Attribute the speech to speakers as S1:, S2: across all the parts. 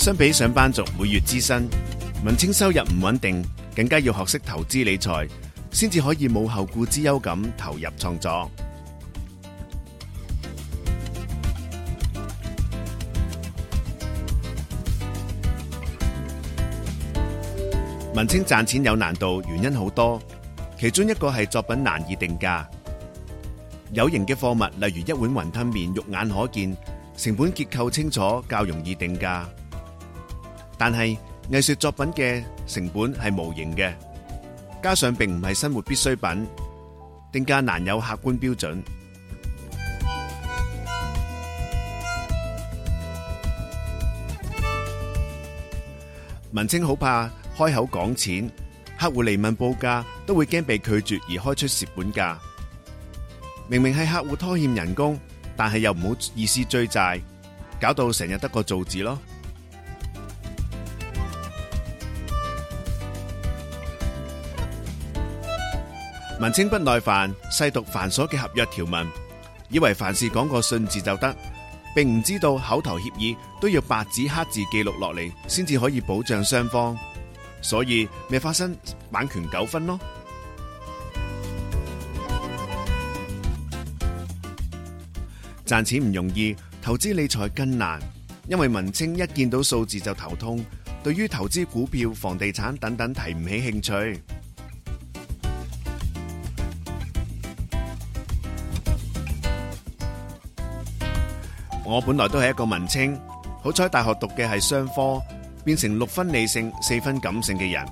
S1: 相比上班族每月支薪，文青收入唔穩定，更加要學識投資理財，先至可以冇後顧之憂咁投入創作。文青賺錢有難度，原因好多，其中一個係作品難以定價。有形嘅貨物，例如一碗雲吞麵，肉眼可見，成本結構清楚，較容易定價。但係藝術作品嘅成本係無形嘅，加上並唔係生活必需品，定價難有客觀標準。文青好怕開口講錢，客戶嚟問報價都會驚被拒絕而開出蝕本價。明明係客戶拖欠人工，但係又唔好意思追債，搞到成日得個做字咯。文青不耐煩細讀繁瑣嘅合約條文，以為凡事講個信字就得，並唔知道口頭協議都要白紙黑字記錄落嚟，先至可以保障雙方。所以咪發生版權糾紛咯。賺錢唔容易，投資理財更難，因為文青一見到數字就頭痛，對於投資股票、房地產等等提唔起興趣。我本來都係一個文青，好彩大學讀嘅係商科，變成六分理性、四分感性嘅人。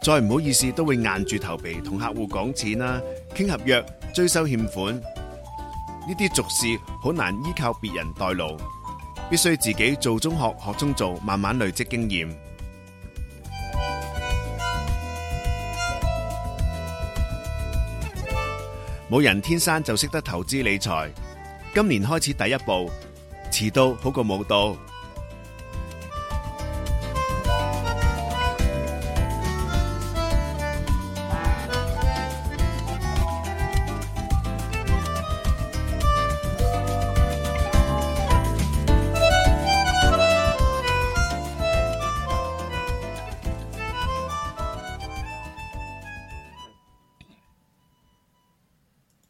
S1: 再唔好意思，都會硬住頭皮同客戶講錢啦，傾合約、追收欠款，呢啲俗事好難依靠別人代勞，必須自己做中學，學中做，慢慢累積經驗。冇人天生就識得投資理財，今年開始第一步。遲到好過冇到。